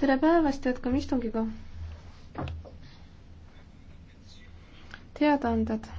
tere päevast, jätkame istungiga. teadaanded.